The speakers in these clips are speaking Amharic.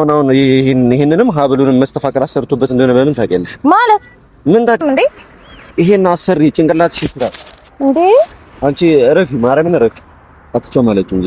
አሁን አሁን ይሄንንም ሀብሉንም መስተፋቀር አሰርቶበት እንደሆነ በምን ታውቂያለሽ? ማለት ምን ታውቂ እንዴ? ይሄን አሰሪ ጭንቅላትሽ ይስራ እንዴ? አንቺ እረፊ፣ ማርያምን እረፊ። አትቻው ማለት እንጂ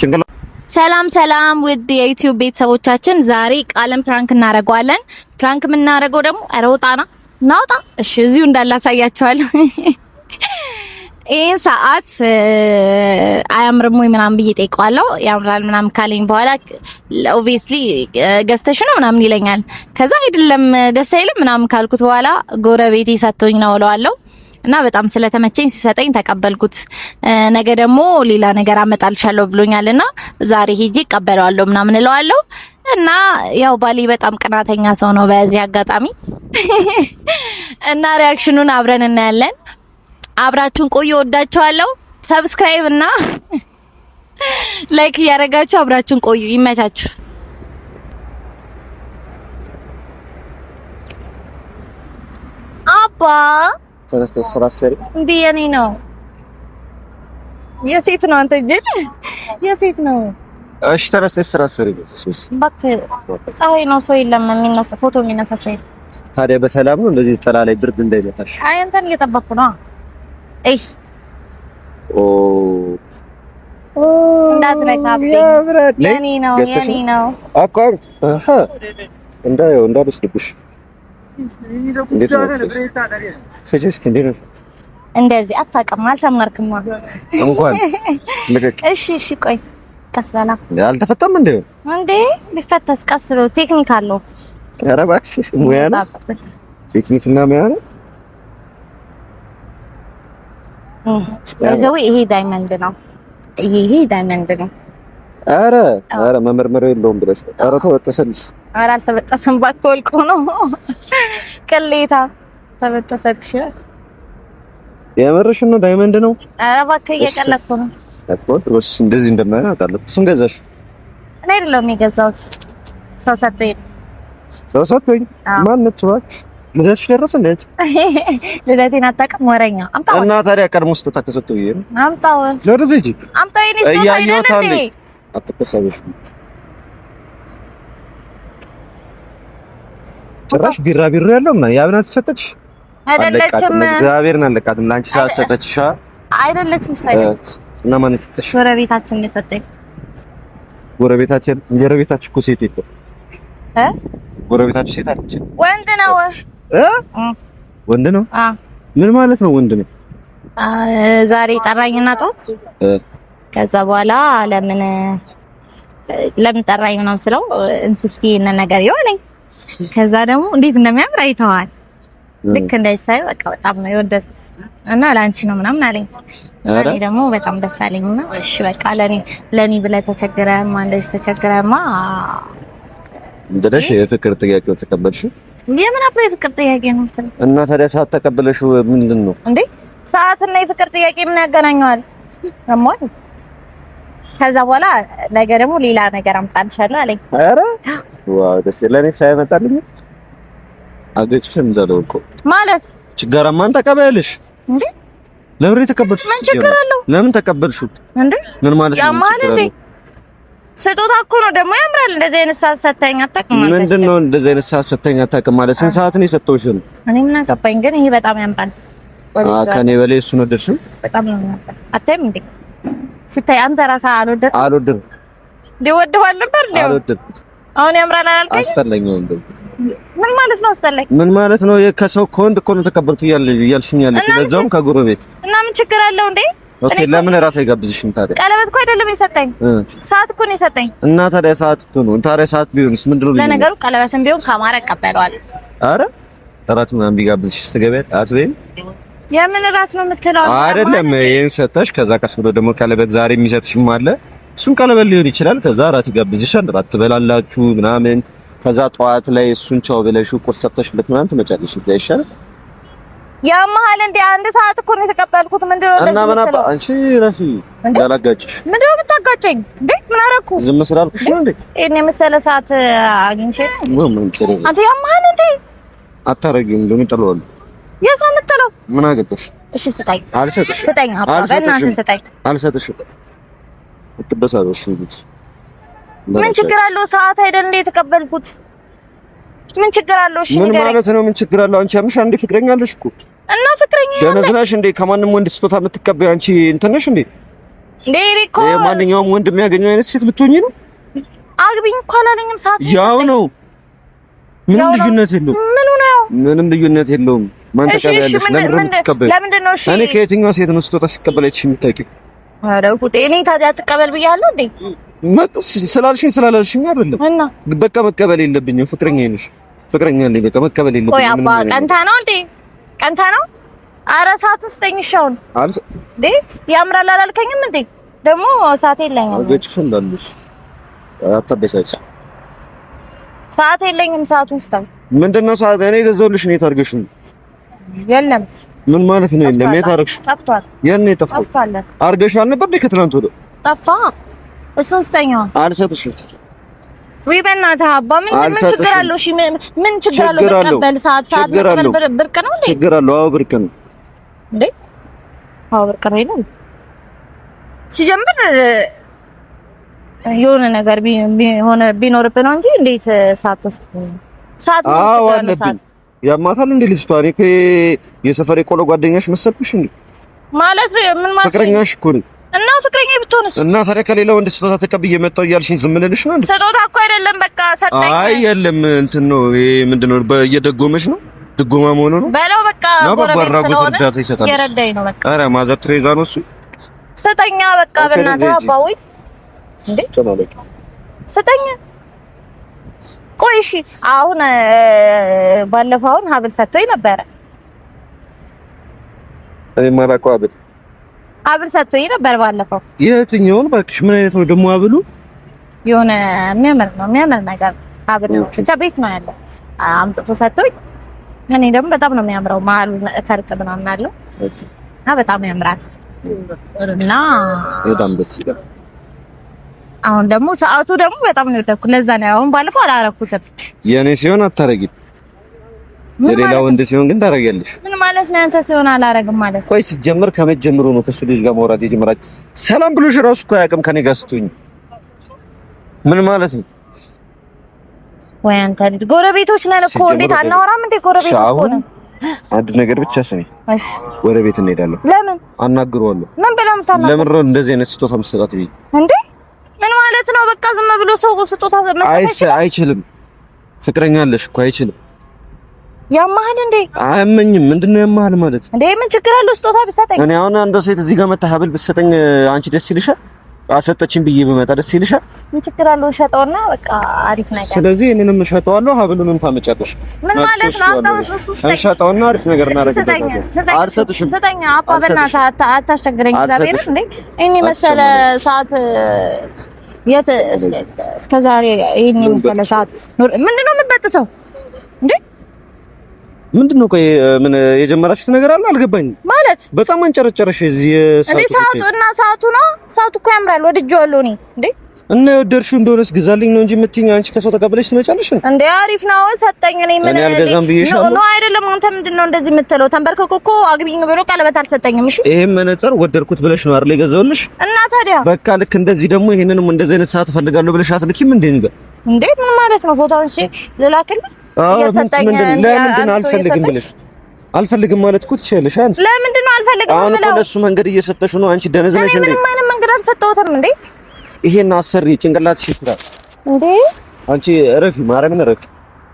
ጭንቅላት ሰላም ሰላም ውድ የዩቲዩብ ቤተሰቦቻችን፣ ዛሬ ቃለም ፕራንክ እናደርገዋለን። ፕራንክ የምናደርገው ደግሞ ኧረ ውጣና ናውጣ። እሺ እዚሁ እንዳላሳያቸዋለሁ ይህን ሰዓት አያምርም ወይ ምናምን ብዬ ጠይቀዋለሁ። ያምራል ምናምን ካለኝ በኋላ ኦብቪየስሊ ገዝተሽ ነው ምናምን ይለኛል። ከዛ አይደለም ደስ አይልም ምናምን ካልኩት በኋላ ጎረቤቴ ሰጥቶኝ ነው እለዋለሁ። እና በጣም ስለተመቸኝ ሲሰጠኝ ተቀበልኩት። ነገ ደግሞ ሌላ ነገር አመጣልሻለሁ ብሎኛልና ዛሬ ሄጄ እቀበለዋለሁ ምናምን እለዋለሁ። እና ያው ባሌ በጣም ቅናተኛ ሰው ነው። በዚህ አጋጣሚ እና ሪያክሽኑን አብረን እናያለን። አብራችሁን ቆዩ። ወዳችኋለሁ። ሰብስክራይብ እና ላይክ እያደረጋችሁ አብራችሁን ቆዩ። ይመቻችሁ። አባ ተነስተህ ስራ ሰሪ እንዴ? የኔ ነው የሴት ነው። አንተ ግን የሴት ነው። እሺ ተነስተሽ ስራ ሰሪ። እባክህ ፀሐይ ነው፣ ሰው የለም የሚነሳ ፎቶ የሚነሳ ሰው የለም። ታዲያ በሰላም ነው እንደዚህ ጠላ ላይ ብርድ እንዳይመታሽ። አይ አንተን እየጠበቅኩ ነው። እይ ኦ እንደዚህ አታውቅም አልተማርክማ እንኳን እሺ እሺ ቆይ ቀስ በላ አልተፈታም እንዴ እንዴ ቢፈታስ ቀስ ብሎ ቴክኒክ አለው ኧረ እባክሽ ሙያ ነው ሙያ ነው ለዘው ይሄ ዳይመንድ ነው። ይሄ ዳይመንድ ነው። አረ አረ መመርመር የለውም ብለሽ አረ ተበጠሰልሽ። አረ አልተበጠሰም፣ እባክህ ወልቆ ነው ቅሌታ። ተበጠሰልሽ። የምርሽን ነው? ዳይመንድ ነው። አረ እባክህ እየቀለድኩ ነው እኮ። እንደዚህ እንደማይሆን አውቃለሁ። እሱን ገዛሽ? እኔ አይደለሁም የገዛሁት ሰው ሰጥቶኝ፣ ሰው ሰጥቶኝ። ማን ነች እባክሽ? ምድረሽ ደረሰ እንዴት ልደቴን አታውቅም? ወረኛ አምጣው እና ታዲያ ቀድሞ ስትታከሰተው ይሄ አምጣው ለወደዚህ እጂ አምጣው ይሄን ስታይ አይደለም አትከሰብሽ። ጭራሽ ቢራ ቢሮ ያለው ምናምን ያብናት ሰጠች አይደለችም? እግዚአብሔርን አለቃትም ለአንቺ ሳሰጠችሽ አይደለችም? ሰጠች እና ማን ሰጠሽ? ጎረቤታችን ነው የሰጠኝ። ጎረቤታችን ጎረቤታችን እኮ ሴት የለም እ ጎረቤታችን ሴት አለች ወንድ ነው ወንድ ነው። ምን ማለት ነው ወንድ ነው? ዛሬ ጠራኝና ጧት ከዛ በኋላ ለምን ለምን ጠራኝ ምናምን ስለው እንሱ እስኪ እነ ነገር ይሆነኝ። ከዛ ደግሞ እንዴት እንደሚያምር አይተዋል። ልክ እንዳይሳይ በቃ በጣም ነው የወደድኩት እና ለአንቺ ነው ምናምን አለኝ። እኔ ደግሞ በጣም ደስ አለኝ እና እሺ በቃ ለኔ ለኔ ብለህ ተቸግረህማ እንደዚህ ተቸግረህማ እንደደሽ የፍቅር ጥያቄው ተቀበልሽ? እንዴ ምን አባ የፍቅር ጥያቄ ነው እና ታዲያ ሰዓት ተቀበለሽው ምንድን ነው እንዴ? ሰዓት እና የፍቅር ጥያቄ ምን ያገናኘዋል? አሞን ከዛ በኋላ ነገ ደግሞ ሌላ ነገር አምጣልሻለሁ አለኝ። አረ ዋው ደስ ለኔ ሳይመጣልኝ አገጭሽ እንዳለው እኮ ማለት ችጋራማ ማን ተቀበልሽ እንዴ? ለምን ተቀበልሽ? ምን ችግር አለው? ለምን ተቀበልሽ እንዴ? ምን ማለት ነው? ስጦታ እኮ ነው ደግሞ ያምራል። እንደዚህ አይነት ሰዓት ሰተኸኝ አታውቅም። ምንድን ነው እንደዚህ አይነት ሰዓት አታውቅም ማለት ስንት ሰዓት ነው የሰጠሁሽ? እኔ ምን አገባኝ ግን ይሄ በጣም ያምራል። ከእኔ በላይ እሱ ነው ደርሽው። በጣም ነው ያምራል። አታይም እንዴ? ስታይ አንተ ራስህ አልወደድም። አልወደድም ሊወደዋል ነበር እንዴ? አልወደድም። አሁን ያምራል አላልከኝ? አስጠላኝ ነው ምን ማለት ነው አስጠላኝ? ምን ማለት ነው? ከሰው ከወንድ እኮ ነው ተቀበልኩ እያልሽኝ ያለሽ፣ ለዛውም ከጎረቤት እና ምን ችግር አለው እንዴ? ኦኬ፣ ለምን እራት አይጋብዝሽም ታዲያ? ቀለበት እኮ አይደለም የሰጠኝ፣ ሰዓት እኮ ነው የሰጠኝ። እና ታዲያ ሰዓት እኮ ነው። ታዲያ ሰዓት ቢሆንስ ምንድን ነው? ለነገሩ ቀለበትም ቢሆን ከማረ እቀበለዋለሁ። ኧረ እራት ምናምን ቢጋብዝሽስ ትገቢያለሽ አትበይም? የምን እራት ነው የምትለው? አይደለም ይሄን ሰጠሽ፣ ከዛ ቀስ ብሎ ደግሞ ቀለበት ዛሬ የሚሰጥሽም አለ። እሱም ቀለበት ሊሆን ይችላል። ከዛ እራት ይጋብዝሻል፣ እራት ትበላላችሁ ምናምን። ከዛ ጠዋት ላይ እሱን ቻው ብለሽ ቁርስ ሰርተሽለት ምናምን ትመጫለሽ። እዚያ ይሻላል። ያመሃል እንዴ አንድ ሰዓት እኮ ነው የተቀበልኩት። ምንድን ነው እና ምን አባ አንቺ ራሲ ያላጋጭሽ ምንድን ነው የምታጋጨኝ? ምን አደረኩ? ዝም ስላልኩሽ ነው እንዴ እኔ የመሰለ ሰዓት አግኝቼ ምን አንተ እንዴ ምን አገባሽ? እሺ ስጠኝ። ስጠኝ አባ በእናትህ ስጠኝ። ምን ችግር አለው? ሰዓት አይደል እንዴ የተቀበልኩት? ምን ችግር አለው? እሺ ምን ማለት ነው? ምን ችግር አለው? አንቺ ያምሻ እንዴ? ፍቅረኛ አለሽ እኮ እና ፍቅረኛ ደነዝናሽ እንዴ? ከማንም ወንድ ስጦታ የምትቀበይ አንቺ እንትነሽ እንዴ? እንዴ እኮ ማንኛውም ወንድ የሚያገኘው አይነት ሴት ብትሆኚ ነው። አግቢኝ እኮ አላለኝም። ሰዓት ያው ነው። ምንም ልዩነት የለውም። ምኑ ነው? ምንም ልዩነት የለውም። ማን ተቀበያለሽ? ለምን ነው? እሺ እኔ ከየትኛው ሴት ነው ስጦታ ሲቀበል አይተሽ የምታውቂው? ኧረ ጉዴ! እኔ ታዲያ ትቀበል ብያለሁ እንዴ? ስላልሽኝ ስላላልሽኝ አይደለም። በቃ መቀበል የለብኝም። ፍቅረኛ ነሽ፣ ፍቅረኛ ነኝ። በቃ መቀበል የለብኝም። ቆይ አባ ቀንታ ነው እንዴ? ቀንተ ነው። አረ ሰዓት ውስጥ ተኝሻው አርስ እንዴ? ያምራል አላልከኝም እንዴ? ደግሞ ሰዓት የለኝም። ወጭሽ እንዳልሽ አታበሳጭ። ሰዓት የለኝም። ሰዓቱን ስታል ምንድነው? ሰዓት እኔ ገዘውልሽ ነው የታርገሽው። የለም ምን ማለት ነው? የለም የታርገሽ ጠፍቷል። የኔ ጠፍቷል። አርገሻል ነበር ከትናንት ወዲያ ጠፋ። እሱን ስጠኛው አልሰጥሽም ወይ በእናትህ አባ ምን ምን ችግር አለው? እሺ ምን ችግር አለው? መቀበል ሰዓት ሰዓት መቀበል ብርቅ ነው እንዴ? ችግር አለው? አዎ ብርቅ ነው እንዴ? አዎ ብርቅ ነው ይላል። ሲጀምር የሆነ ነገር ቢኖርብህ ነው እንጂ እንዴት ሰዓት ውስጥ ሰዓት ነው? ያማታል እንዴ ልጅቷ? እኔ ጓደኛሽ መሰልኩሽ እንዴ? ማለት ምን ማለት ነው? ፍቅረኛሽ እኮ ነኝ እና ፍቅረኛ ብትሆንስ? እና ታዲያ ከሌላ ወንድ ስጦታ ተቀብዬ መጣሁ እያልሽኝ ዝም ልልሽ ነው? ስጦታ እኮ አይደለም፣ በቃ ሰጠኝ። አይ የለም፣ እንትን ነው ይሄ። ምንድን ነው እየደጎመሽ ነው? ድጎማ መሆኑ ነው በለው። በቃ ጎረቤት አድራጎት እርዳታ ይሰጣል፣ እየረዳኝ ነው። በቃ ኧረ ማዘር ትሬዛ ነው እሱ። ስጠኛ፣ በቃ በእናትህ አባውይ እንዴ ስጠኛ። ቆይ እሺ፣ አሁን ባለፈው አሁን ሀብል ሰጥቶኝ ነበረ እኔ ማላውቀው ሀብል አብር ሰጥቶኝ ነበር ባለፈው። የትኛውን እባክሽ? ምን አይነት ነው ደግሞ አብሉ? የሆነ የሚያምር ነው የሚያምር ነገር አብር ብቻ ቤት ነው ያለው አምጥቶ ሰጥቶኝ። እኔ ደግሞ በጣም ነው የሚያምረው። መሀሉ ፈርጥ ምናምን አለው እና በጣም ያምራል እና በጣም ደስ ይላል። አሁን ደግሞ ሰዓቱ ደግሞ በጣም ነው የወደድኩት። ለዛ ነው አሁን ባለፈው አላረኩትም። የኔ ሲሆን አታረጊም፣ የሌላ ወንድ ሲሆን ግን ታረጊያለሽ። ማለት ነው። አንተ ሲሆን አላረግም ማለት ነው። ቆይ፣ ሲጀምር ከመጀመሩ ነው ከሱ ልጅ ጋር ማውራት የጀመራች። ሰላም ብሎሽ ራሱ እኮ አያውቅም ከኔ ጋር ስትሆኝ ምን ማለት ነው? ወይ አንተ ልጅ ጎረቤቶች ነን እኮ እንዴት አናወራም እንዴ? ጎረቤቶች እኮ ነን። አንድ ነገር ብቻ ስሚ፣ ቤት እንሄዳለን። ለምን አናግረዋለሁ። ምን ብለህ የምታናግረው? ለምን ነው እንደዚህ አይነት ስጦታ መስጠት ይሄ እንዴ? ምን ማለት ነው? በቃ ዝም ብሎ ሰው ስጦታ መስጠት አይችልም። ፍቅረኛ አለሽ እኮ አይችልም ያማህል እንዴ? አያመኝም። ምንድነው ያማህል ማለት እንዴ? ምን ችግር አለው ስጦታ ብሰጠኝ? እኔ አሁን አንድ ሴት እዚህ ጋር መታ ሀብል ብሰጠኝ አንቺ ደስ ይልሻል? አሰጠችኝ ብዬ ብመጣ ደስ ይልሻል? ምን ችግር አለው? እሸጠውና በቃ አሪፍ ነገር። ስለዚህ እኔንም እሸጠዋለሁ፣ ሀብሉንም ታመጫለሽ። ምን ማለት ነው? አንተ እሱ እሸጠውና አሪፍ ነገር እናደርግልሻለን። አልሰጥሽም። ስጠኝ አባ፣ በእናትህ አታስቸግረኝ። እግዚአብሔር እንዴ እኔ መሰለ ሰዓት የት እስከዛሬ ዛሬ ይሄን የመሰለ ሰዓት ምንድነው የምትበጥሰው እንዴ? ምንድን ነው? ቆይ ምን የጀመራችሁት ነገር አለ? አልገባኝ ማለት በጣም አንጨረጨረሽ። እዚህ ሰዓቱ እና ሰዓቱ ነው። ሰዓቱ እኮ ያምራል፣ ወድጄዋለሁ እኔ እንዴ። እና የወደድሽው እንደሆነስ ግዛልኝ ነው እንጂ የምትይኝ አንቺ ከሰው ተቀበለሽ ትመጫለሽ እንዴ? አሪፍ ነው፣ ሰጠኝ። እኔ ምን አልገዛም ብዬሽ ነው አይደለም? አንተ ምንድን ነው እንደዚህ የምትለው? ተንበርክኮ እኮ አግቢኝ ብሎ ቀለበት አልሰጠኝም። እሺ፣ ይሄን መነጽር ወደድኩት ብለሽ ነው አይደል የገዛሁልሽ? እና ታዲያ በቃ ልክ እንደዚህ ደግሞ ይሄንንም እንደዚህ አይነት ሰዓት እፈልጋለሁ ብለሽ አትልኪም እንዴ? እንዴ ምን ማለት ነው? ፎቶ አንቺ ልላክልኝ ለምንድን አልፈልግም ብለሽ አልፈልግም ማለት እኮ ትችያለሽ። ለምንድን ነው አልፈልግም? አሁን ለእሱ መንገድ እየሰጠሽ ነው። አንቺ ደነዝነሽ እንዴ? ምንም አይነት መንገድ አልሰጠሁትም እንዴ። ይሄን አሰሪ ጭንቅላትሽ ይችላል እንዴ? አንቺ እረፊ፣ ማርያምን እረፊ።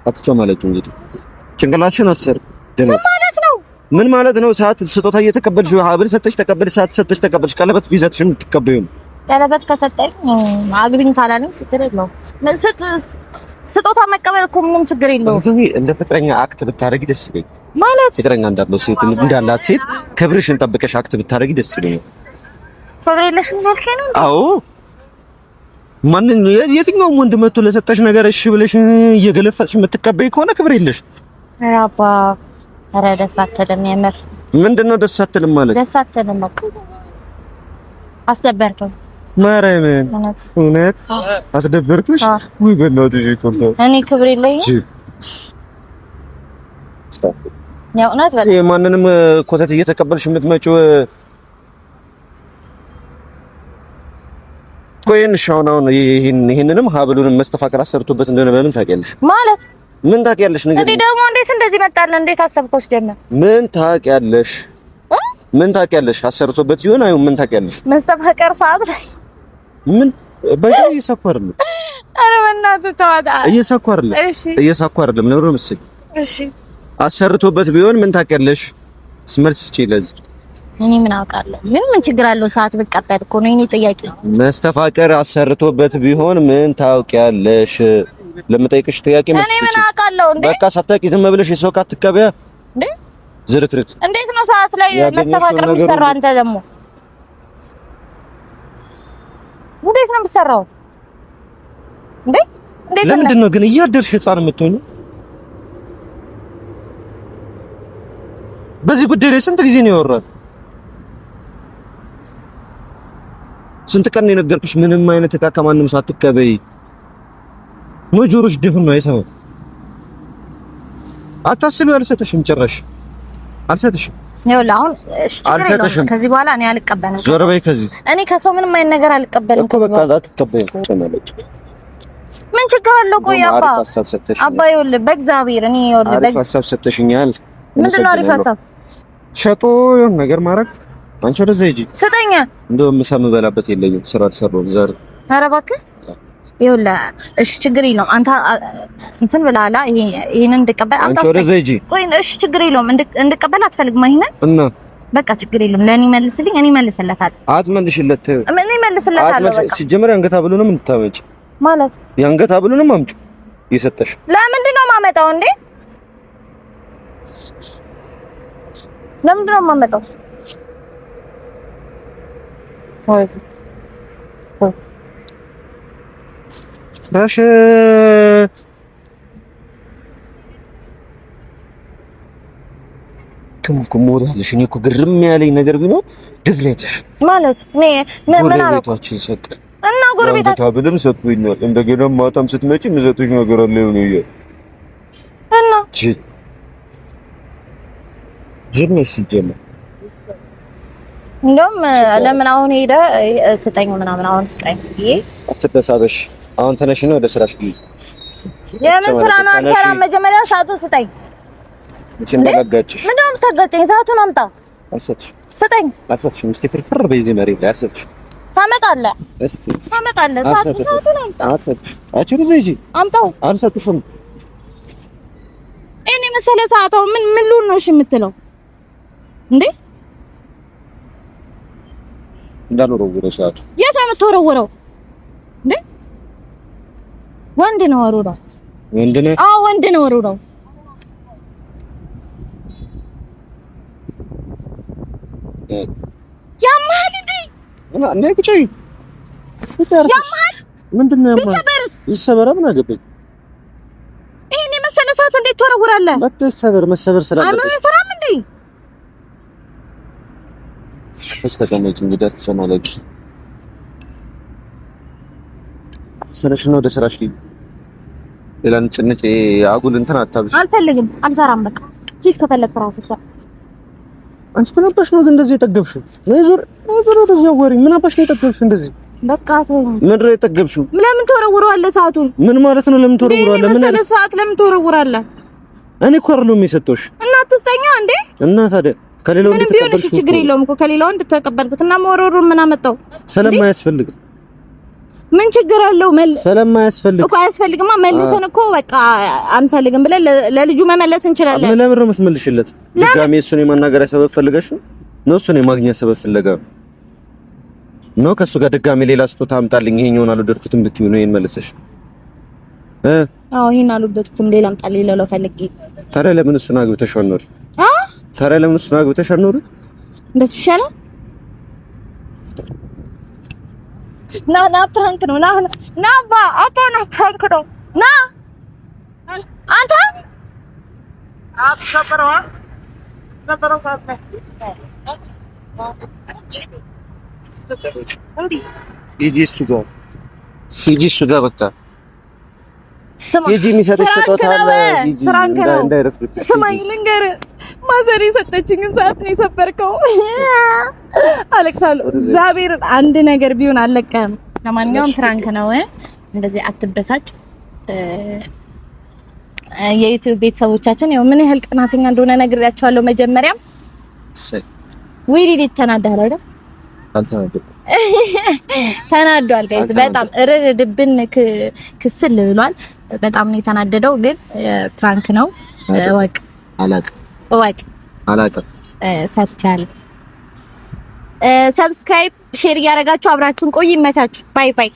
አትጮም ማለት እንጂ ጭንቅላትሽን አሰር ደነዝ ማለት ነው። ምን ማለት ነው? ሰዓት ስጦታ እየተቀበልሽ ሀብል ሰጠሽ፣ ተቀበልሽ፣ ሰዓት ሰጠሽ፣ ተቀበልሽ። ቀለበት ቢሰጥሽም ትቀበዩ ቀለበት ከሰጠኝ አግቢኝ ካላለኝ ችግር የለውም። ስጦታ መቀበል እኮ ምንም ችግር የለውም። ስሚ እንደ ፍቅረኛ አክት ብታደርጊ ደስ ይለኝ። ማለት ፍቅረኛ እንዳለው ሴት እንዳላት ሴት ክብርሽን ጠብቀሽ አክት ብታደርጊ ደስ ይለኝ። ክብር የለሽም እንዳልከኝ ነው። አዎ ማንን የትኛውም ወንድ መቶ ለሰጠሽ ነገር እሺ ብለሽ እየገለፈጥሽ የምትቀበይ ከሆነ ክብር የለሽ። ኧረ አባ ኧረ ደስ አትልም። የምር ምንድን ነው ደስ አትልም ማለት? ደስ አትልም በቃ አስደበርከኝ። ማርያምን እውነት አስደበርኩሽ? ወይ በእናትሽ እኔ ክብር የለኝም። የማንንም ኮተት እየተቀበልሽ የምትመጪው ቆይን። አሁን ይሄንንም ሀብሉንም መስተፋቀር አሰርቶበት እንደሆነ በምን ታውቂያለሽ? ማለት ምን ታውቂያለሽ? ንገሪኝ። ደግሞ እንዴት እንደዚህ መጣልን? እንዴት ጀመር ምን ታውቂያለሽ? ምን ታውቂያለሽ? አሰርቶበት ይሆን አይሁን? ምን ታውቂያለሽ? መስተፋቀር ሰዓት ላይ ምን በዚህ እየሰኳርልም። ኧረ በእናትህ ተዋጣ። እየሰኳርልም እየሰኳርልም ነው ነው እሺ፣ አሰርቶበት ቢሆን ምን ታውቂያለሽ? ስመልስ ይችላል። እኔ ምን አውቃለሁ? ምን ምን ችግር አለው? ሰዓት ብቀበል እኮ ነው የእኔ ጥያቄ። መስተፋቀር አሰርቶበት ቢሆን ምን ታውቂያለሽ? ለምጠይቅሽ ጥያቄ መልስ እኔ ምን አውቃለሁ? እንዴ በቃ ሳታውቂ ዝም ብለሽ የሰው ቃት ትቀበያ እንዴ? ዝርክርክ እንዴት ነው ሰዓት ላይ መስተፋቀር የሚሰራው? አንተ ደግሞ እንዴት ነው የምትሰራው? እንዴ እንዴት ነው? ለምንድን ነው ግን እያደርሽ ህፃን የምትሆኑ? በዚህ ጉዳይ ላይ ስንት ጊዜ ነው ያወራን? ስንት ቀን ነው የነገርኩሽ? ምንም አይነት እቃ ከማንም ሳትቀበይ ነው። ጆሮሽ ድፍን ነው አይሰማም። አታስቢው አልሰጥሽም፣ ጭራሽ አልሰጥሽም። ይኸውልህ አሁን እሺ፣ ከዚህ በኋላ እኔ አልቀበልም። ዞር በይ ከዚህ። እኔ ከሰው ምንም አይነት ነገር አልቀበልም ምን ችግር አለው? ቆይ አባ አባ፣ ይኸውልህ በእግዚአብሔር እኔ ይኸውልህ አሪፍ ሀሳብ ሰተሽኛል። ምንድን ነው አሪፍ ሀሳብ? ሸጦ የሆነ ነገር ማድረግ አንቺ ወደዛ ሂጂ። ስጠኝ። እንደው ምሳ የለኝም ስራ አልሰራሁም ዛሬ። ኧረ እባክህ ይኸውልህ እሺ፣ ችግር የለውም። አንተ እንትን ብላላ ይሄንን እንድቀበል አንተ ቆይ፣ እሺ፣ ችግር የለውም። እንድቀበል አትፈልግም ይሄንን እና በቃ ችግር የለውም። ለእኔ መልስልኝ፣ እኔ መልስለታለሁ። አትመልሽለት፣ እኔ መልስለታለሁ። በቃ ሲጀመር የአንገት ሀብሉንም እንድታመጪ ማለት የአንገት ሀብሉንም አምጪ። እየሰጠሽ ለምንድን ነው የማመጣው እንዴ? ለምንድን ነው የማመጣው? ወይ Proszę. ትምኩ ሞዳለሽ። እኔ እኮ ግርም ያለኝ ነገር ቢኖር ማለት ምን ሰጠ እና ጎረቤታችን ታብልም ሰጥቶኛል። እንደገና ማታም ስትመጪ ነገር አለ ይየ እና ጂ እንደውም ለምን አሁን ሄደ ስጠኝ ምናምን አሁን ስጠኝ አትበሳበሽ አሁን ተነሽ ነው ወደ ስራሽ ግቢ። የምን ስራ ነው አልሰራም። መጀመሪያ ሰዓቱን ስጠኝ። ምንም ተጋጭሽ። ምንም ተጋጭኝ። ሰዓቱን አምጣ። አልሰጥሽም። ስጠኝ። አልሰጥሽም። እስቲ ፍርፍር በዚህ መሬት ላይ አልሰጥሽም። ታመጣለህ። እስቲ ታመጣለህ። ሰዓቱን ሰዓቱን አምጣ። አልሰጥሽም። አጭሩ ዘይጂ አምጣው። አልሰጥሽም። እኔ መሰለ ሰዓቱ ምን ምን ልሁን ነው እሺ የምትለው እንዴ? እንዳልወረወረው ሰዓቱ የት ነው የምትወረውረው እንዴ? ወንድ ነው አሮራው ወንድ ነው። አዎ ወንድ ነው አሮራው። ያማል እንዴ? እና ቁጭ ያማል። ምንድን ነው ይሰበራ ምን ይሄን የመሰለ ሰዓት እንዴት ትወረውራለህ? ይሰበር። መሰበር አምሮ ይሰራም እንዴ? እሺ ተቀመጭ እንግዲህ ስለሽ ነው ወደ ስራሽ ሌላ ንጭንጭ አጉል እንትን አታብሽ። አልፈልግም፣ አልሰራም። በቃ ሂድ ከፈለግ ራስህ ስራ። አንቺ ምን አባሽ ነው ግን እንደዚህ የጠገብሽው? ነይ ዞር፣ ነይ ዞር ወደዚያ ወሬ። ምን አባሽ ነው የጠገብሽው እንደዚህ? በቃ ተወኝ። ምንድን ነው የጠገብሽው? ለምን ትወረውረዋለህ ሰዓቱን? ምን ማለት ነው ለምን ትወረውረዋለህ? ምን መሰለህ ሰዓት ለምን ትወረውረዋለህ? እኔ እኮ አይደለሁም የሰጠሁሽ። እና አትስተኛ እንዴ? እና ታዲያ ከሌላው እንድትቀበልሽ ችግር የለውም እኮ ከሌላው እንድትቀበልኩት እና መወረሩ ምን አመጣው? ስለማያስፈልግ ምን ችግር አለው? ስለማያስፈልግ እኮ አያስፈልግማ። መልሰን እኮ በቃ አንፈልግም ብለን ለልጁ መመለስ እንችላለን። ለምን ነው የምትመልሽለት? ድጋሜ እሱን የማናገሪያ ሰበብ ፈልገሽ ነው? እሱን የማግኛ ሰበብ ፍለጋ ነው? ከእሱ ጋር ድጋሜ ሌላ ስጦታ አምጣልኝ፣ ይሄን ይሆናል ወደድኩትም ብትይው ነው ይሄን መልሰሽ እ አዎ ይሄን አልወደድኩትም፣ ሌላ አምጣልኝ ልለው ፈልጌ። ታዲያ ለምን እሱን አግብተሽ አ ታዲያ ለምን እሱን አግብተሽ አልኖርም? እንደሱ ይሻላል። ና ና ፕራንክ ነው። ና ና አባ አባ ነው ፕራንክ ነው። ና አንተ አትሸበረዋ ነበረው ሳለ ሂጂ እሱ ጋር ሂጂ እሱ ጋር በቃ ሂጂ። የሚሰጥሽ ስጦታ አለ ሂጂ። እንዳይረፍድብሽ ስማኝ ልንገርህ ማሰሪ የሰጠችኝን ሰዓት ነው የሰበርከው። አለቅሳለሁ። እግዚአብሔርን አንድ ነገር ቢሆን አለቀህም። ለማንኛውም ፍራንክ ነው፣ እንደዚህ አትበሳጭ። የዩቲዩብ ቤተሰቦቻችን ያው ምን ያህል ቅናተኛ እንደሆነ ነግሬያቸዋለሁ። መጀመሪያም ወይ ሊሊ ተናደሃል አይደል? ተናዷል ጋይስ፣ በጣም ድብን ክስል ብሏል። በጣም ነው የተናደደው፣ ግን ፍራንክ ነው ወቅ እወቅ። አላውቅም፣ ሰርቻለሁ። ሰብስክራይብ፣ ሼር እያደረጋችሁ አብራችሁን ቆይ። ይመቻችሁ። ባይ ባይ።